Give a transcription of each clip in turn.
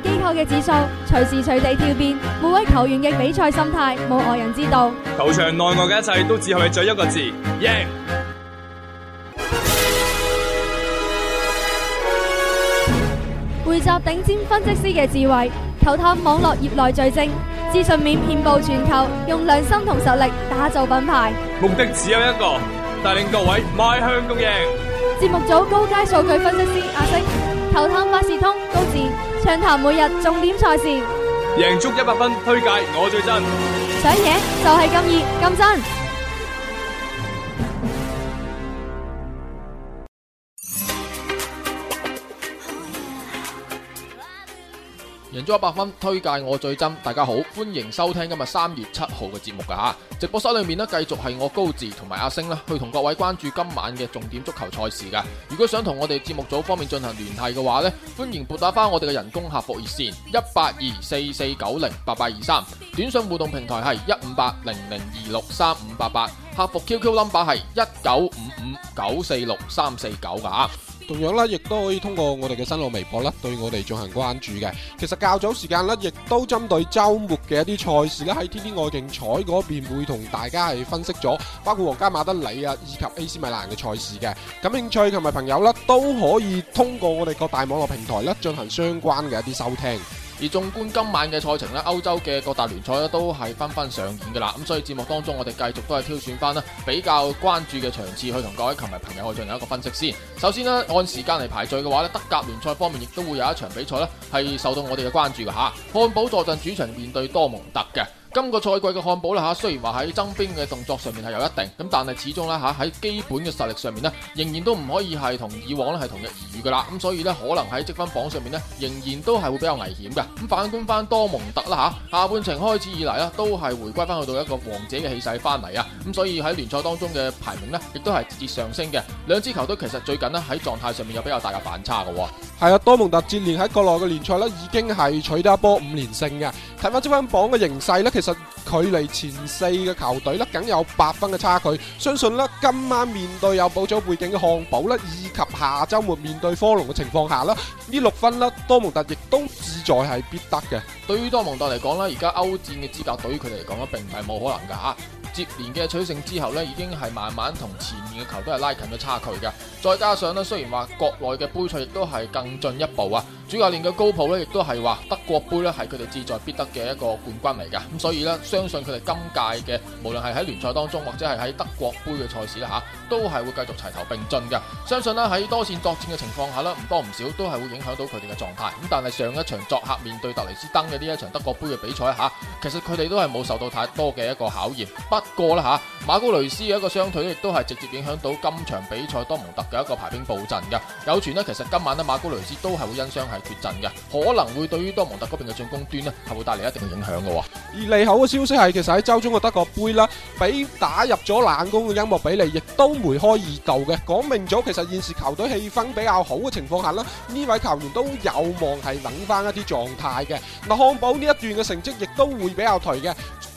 機構嘅指數隨時隨地跳變，每位球員嘅比賽心態冇外人知道。球場內外嘅一切都只係在一個字：贏。匯集頂尖分析師嘅智慧，球探網絡業內最精，資訊面遍佈全球，用良心同實力打造品牌。目的只有一個，帶領各位邁向共贏。節目組高階數據分析師阿星，球探萬事通高智。暢談每日重點賽事，贏足一百分，推介我最真，想贏就係咁熱咁真。贏足 100FUN，推介我最真。大家好，歡迎收聽今日三月七號嘅節目噶吓。直播室裏面呢，繼續係我高志同埋阿星啦，去同各位關注今晚嘅重點足球賽事噶。如果想同我哋節目組方面進行聯繫嘅話呢，歡迎撥打翻我哋嘅人工客服熱線一八二四四九零八八二三，短信互動平台係一五八零零二六三五八八，客服 QQ number 係一九五五九四六三四九噶。同樣啦，亦都可以通過我哋嘅新浪微博啦，對我哋進行關注嘅。其實較早時間咧，亦都針對周末嘅一啲賽事啦，喺天天愛競彩嗰邊會同大家係分析咗，包括皇家馬德里啊，以及 AC 米蘭嘅賽事嘅。感興趣同埋朋友啦，都可以通過我哋各大網絡平台啦，進行相關嘅一啲收聽。而縱觀今晚嘅賽程咧，歐洲嘅各大聯賽咧都係紛紛上演嘅啦。咁所以節目當中，我哋繼續都係挑選翻啦比較關注嘅場次，去同各位球迷朋友去進行一個分析先。首先呢按時間嚟排序嘅話咧，德甲聯賽方面亦都會有一場比賽呢係受到我哋嘅關注嘅嚇。漢堡坐鎮主場面對多蒙特嘅。今個賽季嘅漢堡啦吓，雖然話喺增兵嘅動作上面係有一定，咁但係始終咧吓喺基本嘅實力上面咧，仍然都唔可以係同以往咧係同日而語噶啦，咁所以呢，可能喺積分榜上面咧仍然都係會比較危險嘅。咁反觀翻多蒙特啦吓，下半程開始以嚟咧都係回歸翻去到一個王者嘅氣勢翻嚟啊，咁所以喺聯賽當中嘅排名呢，亦都係直接上升嘅。兩支球隊其實最近呢，喺狀態上面有比較大嘅反差嘅。係啊，多蒙特接連喺國內嘅聯賽呢，已經係取得一波五連勝嘅。睇翻積分榜嘅形勢呢。其實距離前四嘅球隊咧，僅有八分嘅差距。相信咧今晚面對有補助背景嘅漢堡咧，以及下周末面對科隆嘅情況下咧，呢六分咧多蒙特亦都志在係必得嘅。對於多蒙特嚟講咧，而家歐戰嘅資格對於佢哋嚟講咧，並唔係冇可能噶啊！接連嘅取勝之後呢，已經係慢慢同前面嘅球都係拉近咗差距嘅。再加上呢，雖然話國內嘅杯賽亦都係更進一步啊。主教練嘅高普呢亦都係話德國杯呢係佢哋志在必得嘅一個冠軍嚟噶。咁所以呢，相信佢哋今屆嘅無論係喺聯賽當中或者係喺德國杯嘅賽事咧吓、啊，都係會繼續齊頭並進嘅。相信呢，喺多線作戰嘅情況下咧，唔多唔少都係會影響到佢哋嘅狀態。咁但係上一場作客面對特雷斯登嘅呢一場德國杯嘅比賽吓、啊，其實佢哋都係冇受到太多嘅一個考驗。過啦。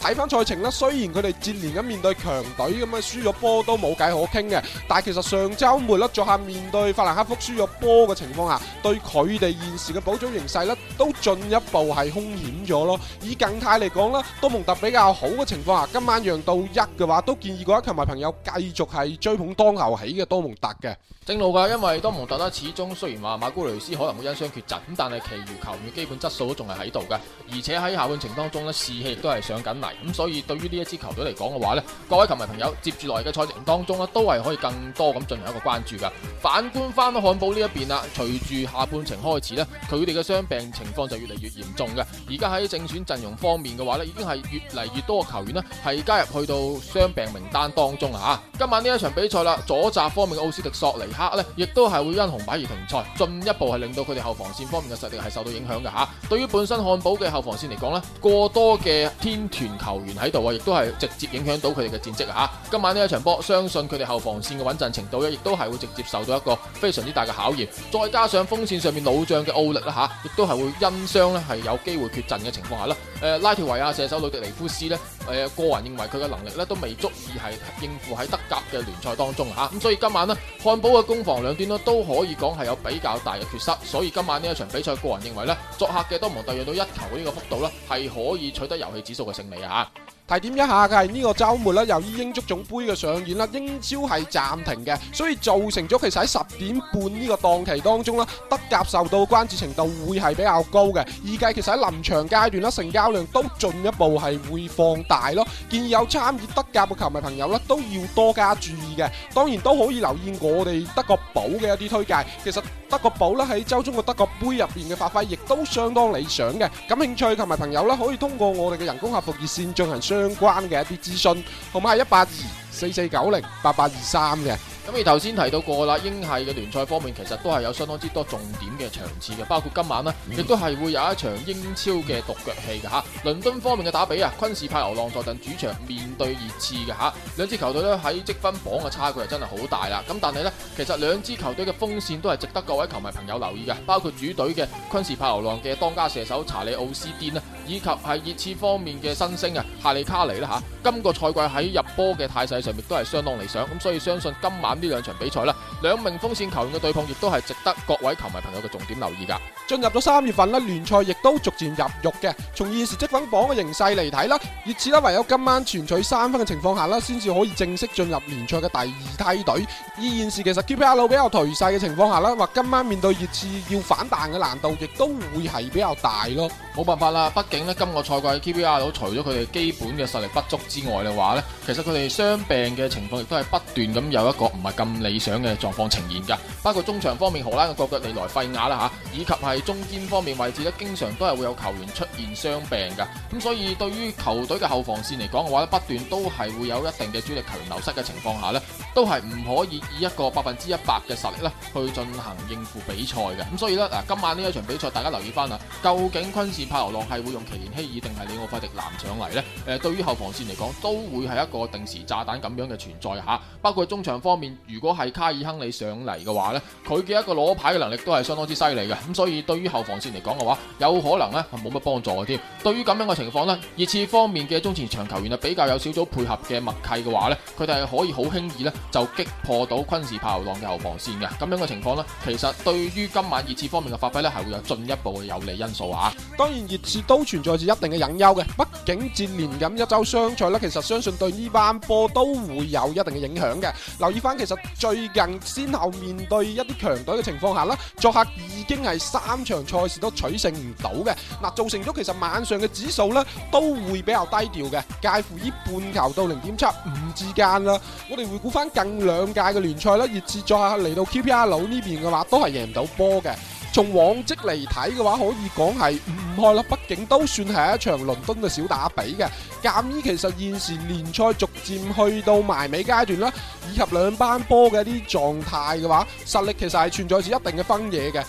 睇翻賽程啦，雖然佢哋接連咁面對強隊咁嘅輸咗波都冇計可傾嘅，但係其實上周末作客面對法蘭克福輸咗波嘅情況下，對佢哋現時嘅保組形勢咧都進一步係凶險咗咯。以近態嚟講啦，多蒙特比較好嘅情況下，今晚讓到一嘅話，都建議各位球迷朋友繼續係追捧當牛起嘅多蒙特嘅。正路噶，因為多蒙特咧始終雖然話馬高雷斯可能會因傷缺陣，咁但係其餘球員嘅基本質素都仲係喺度嘅，而且喺下半程當中咧士氣亦都係上緊嚟。咁、嗯、所以，對於呢一支球隊嚟講嘅話咧，各位球迷朋友接住來嘅賽程當中咧，都係可以更多咁進行一個關注噶。反觀翻漢堡呢一邊啊，隨住下半程開始咧，佢哋嘅傷病情況就越嚟越嚴重嘅。而家喺正選陣容方面嘅話咧，已經係越嚟越多嘅球員咧係加入去到傷病名單當中啊。今晚呢一場比賽啦，左閘方面嘅奧斯迪索尼克咧，亦都係會因紅牌而停賽，進一步係令到佢哋後防線方面嘅實力係受到影響嘅吓，對於本身漢堡嘅後防線嚟講咧，過多嘅天團。球員喺度啊，亦都係直接影響到佢哋嘅戰績啊！今晚呢一場波，相信佢哋後防線嘅穩陣程度咧，亦都係會直接受到一個非常之大嘅考驗。再加上鋒線上面老將嘅奧力啦吓，亦都係會因傷咧係有機會缺陣嘅情況下啦。誒、呃、拉提維亞、啊、射手魯迪尼夫斯呢，誒、呃、個人認為佢嘅能力呢都未足以係應付喺德甲嘅聯賽當中咁，啊、所以今晚呢漢堡嘅攻防兩端呢都可以講係有比較大嘅缺失，所以今晚呢一場比賽個人認為呢作客嘅多蒙特讓到一球呢個幅度呢係可以取得遊戲指數嘅勝利，啊。提點一下嘅係呢個週末啦，由於英足總杯嘅上演啦，英超係暫停嘅，所以造成咗其實喺十點半呢個檔期當中啦，德甲受到關注程度會係比較高嘅。預計其實喺臨場階段啦，成交量都進一步係會放大咯。建議有參與德甲嘅球迷朋友啦，都要多加注意嘅。當然都可以留意我哋德國寶嘅一啲推介。其實德國寶啦喺週中嘅德國杯入邊嘅發揮亦都相當理想嘅。感興趣嘅球迷朋友啦，可以通過我哋嘅人工客服熱線進行相相關嘅一啲資訊，號碼係一八二四四九零八八二三嘅。咁而頭先提到過啦，英系嘅聯賽方面其實都係有相當之多重點嘅場次嘅，包括今晚呢，亦都係會有一場英超嘅獨腳戲嘅吓。倫、嗯、敦方面嘅打比啊，昆士派流浪坐鎮主場面對熱刺嘅吓，兩支球隊呢，喺積分榜嘅差距係真係好大啦。咁但係呢，其實兩支球隊嘅鋒線都係值得各位球迷朋友留意嘅，包括主隊嘅昆士派流浪嘅當家射手查理奧斯癲以及係熱刺方面嘅新星啊，夏利卡尼啦吓，今個賽季喺入波嘅態勢上亦都係相當理想，咁所以相信今晚呢兩場比賽啦，兩名鋒線球員嘅對抗亦都係值得各位球迷朋友嘅重點留意噶。進入咗三月份啦，聯賽亦都逐漸入獄嘅，從現時積分榜嘅形勢嚟睇啦，熱刺啦唯有今晚全取三分嘅情況下啦，先至可以正式進入聯賽嘅第二梯隊。而現時其實 QPR 比較頹勢嘅情況下啦，或今晚面對熱刺要反彈嘅難度亦都會係比較大咯，冇辦法啦，畢竟。今個賽季 KPR 佬，除咗佢哋基本嘅實力不足之外嘅話呢，其實佢哋傷病嘅情況亦都係不斷咁有一個唔係咁理想嘅狀況呈現噶。包括中場方面，荷蘭嘅國腳利來費亞啦吓，以及係中堅方面位置咧，經常都係會有球員出現傷病噶。咁所以對於球隊嘅後防線嚟講嘅話咧，不斷都係會有一定嘅主力球員流失嘅情況下咧。都係唔可以以一個百分之一百嘅實力咧去進行應付比賽嘅，咁、嗯、所以咧嗱，今晚呢一場比賽，大家留意翻啊，究竟昆士柏流浪係會用奇連希爾定係李奧費迪南上嚟呢？誒、呃，對於後防線嚟講，都會係一個定時炸彈咁樣嘅存在吓。包括中場方面，如果係卡爾亨利上嚟嘅話呢，佢嘅一個攞牌嘅能力都係相當之犀利嘅。咁、嗯、所以對於後防線嚟講嘅話，有可能呢係冇乜幫助嘅添。對於咁樣嘅情況呢，熱刺方面嘅中前場球員啊，比較有小組配合嘅默契嘅話呢，佢哋係可以好輕易呢。就擊破到昆士柏流浪嘅後防線嘅咁樣嘅情況咧，其實對於今晚熱刺方面嘅發揮咧，係會有進一步嘅有利因素啊！當然熱刺都存在住一定嘅隱憂嘅，畢竟接連咁一週雙賽咧，其實相信對呢班波都會有一定嘅影響嘅。留意翻，其實最近先後面對一啲強隊嘅情況下咧，作客已經係三場賽事都取勝唔到嘅，嗱，造成咗其實晚上嘅指數咧都會比較低調嘅，介乎於半球到零點七五之間啦。我哋回顧翻。近兩屆嘅聯賽咧，熱刺再下嚟到 QPR 呢邊嘅話，都係贏唔到波嘅。從往績嚟睇嘅話，可以講係五五開啦。畢竟都算係一場倫敦嘅小打比嘅。鑒於其實現時聯賽逐漸去到埋尾階段啦，以及兩班波嘅啲狀態嘅話，實力其實係存在住一定嘅分野嘅。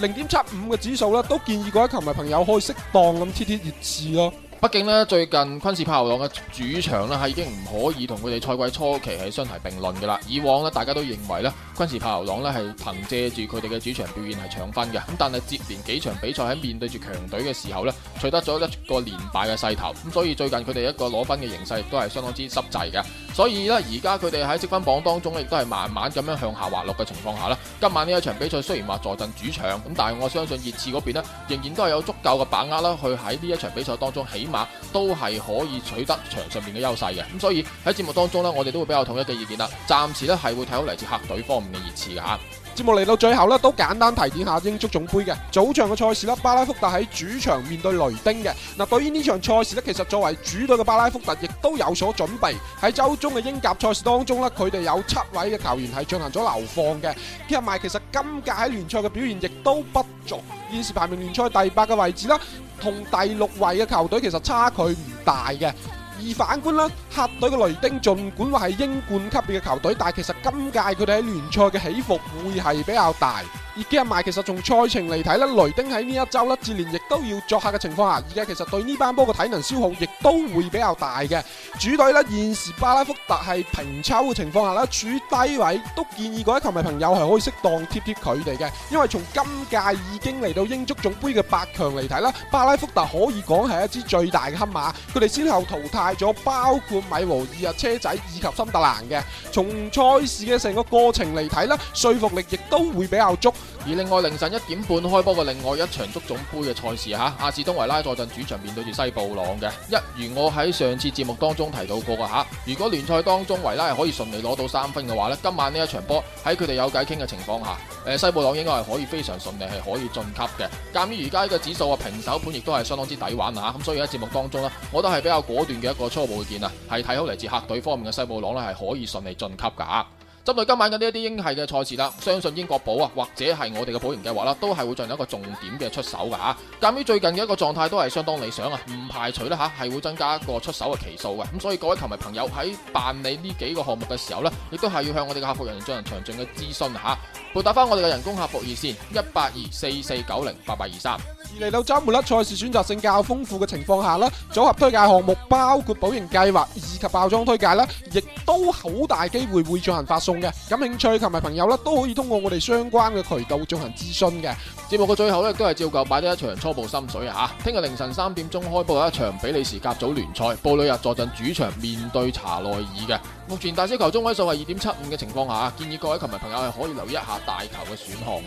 零點七五嘅指數咧，都建議各位球迷朋友可以適當咁貼貼熱刺咯。畢竟咧，最近昆士柏流浪嘅主場咧，係已經唔可以同佢哋賽季初期係相提並論嘅啦。以往咧，大家都認為咧，昆士柏流浪咧係憑借住佢哋嘅主場表現係搶分嘅。咁但係接連幾場比賽喺面對住強隊嘅時候咧，取得咗一個連敗嘅勢頭。咁所以最近佢哋一個攞分嘅形勢亦都係相當之濕滯嘅。所以咧，而家佢哋喺積分榜當中咧，亦都係慢慢咁樣向下滑落嘅情況下咧。今晚呢一場比賽雖然話坐鎮主場，咁但係我相信熱刺嗰邊仍然都係有足夠嘅把握啦，去喺呢一場比賽當中起。都係可以取得場上邊嘅優勢嘅，咁所以喺節目當中咧，我哋都會比較統一嘅意見啦。暫時咧，係會睇好嚟自客隊方面嘅熱刺嘅吓。節目嚟到最後咧，都簡單提點一下英足總盃嘅早場嘅賽事啦。巴拉福特喺主場面對雷丁嘅。嗱，對於呢場賽事咧，其實作為主隊嘅巴拉福特亦都有所準備。喺周中嘅英甲賽事當中咧，佢哋有七位嘅球員係進行咗流放嘅。跟住埋，其實今屆喺聯賽嘅表現亦都不俗，現時排名聯賽第八嘅位置啦，同第六位嘅球隊其實差距唔大嘅。而反觀啦，客隊嘅雷丁，儘管話係英冠級別嘅球隊，但係其實今屆佢哋喺聯賽嘅起伏會係比較大。而今日賣其實從賽程嚟睇咧，雷丁喺呢一週咧，接連亦都要作客嘅情況下，而家其實對呢班波嘅體能消耗亦都會比較大嘅。主隊咧，現時巴拉福特係平抽嘅情況下咧，處於低位，都建議嗰啲球迷朋友係可以適當貼貼佢哋嘅。因為從今屆已經嚟到英足總杯嘅八強嚟睇咧，巴拉福特可以講係一支最大嘅黑馬，佢哋先後淘汰咗包括米禾爾啊、車仔以及森特蘭嘅。從賽事嘅成個過程嚟睇咧，說服力亦都會比較足。而另外凌晨一點半開波嘅另外一場足總杯嘅賽事嚇，阿士東維拉坐鎮主場面對住西布朗嘅。一如我喺上次節目當中提到過嘅嚇，如果聯賽當中維拉係可以順利攞到三分嘅話咧，今晚呢一場波喺佢哋有偈傾嘅情況下，誒西布朗應該係可以非常順利係可以晉級嘅。鑑於而家呢個指數啊，平手盤亦都係相當之抵玩，咁所以喺節目當中咧，我都係比較果斷嘅一個初步見啊，係睇好嚟自客隊方面嘅西布朗咧係可以順利晉級㗎。針對今晚嘅呢一啲英系嘅賽事啦，相信英國寶啊或者係我哋嘅保型計劃啦，都係會進行一個重點嘅出手噶嚇。鑑於最近嘅一個狀態都係相當理想啊，唔排除啦嚇係會增加一個出手嘅期數嘅。咁所以各位球迷朋友喺辦理呢幾個項目嘅時候呢，亦都係要向我哋嘅客服人員進行詳盡嘅諮詢下。撥打翻我哋嘅人工客服熱線一八二四四九零八八二三。嚟到周末啦，賽事選擇性較豐富嘅情況下啦，組合推介項目包括保營計劃以及爆莊推介啦，亦都好大機會會進行發送嘅。感興趣球迷朋友啦，都可以通過我哋相關嘅渠道進行諮詢嘅。節目嘅最後都係照舊擺咗一場初步心水啊！聽日凌晨三點鐘開波一場比利時甲組聯賽，布里日坐鎮主場面對查內爾嘅。目前大小球中位數係二點七五嘅情況下，建議各位球迷朋友係可以留意一下大球嘅選項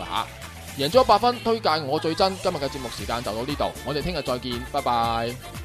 贏足 100FUN，推介我最真。今日嘅節目時間就到呢度，我哋聽日再見，拜拜。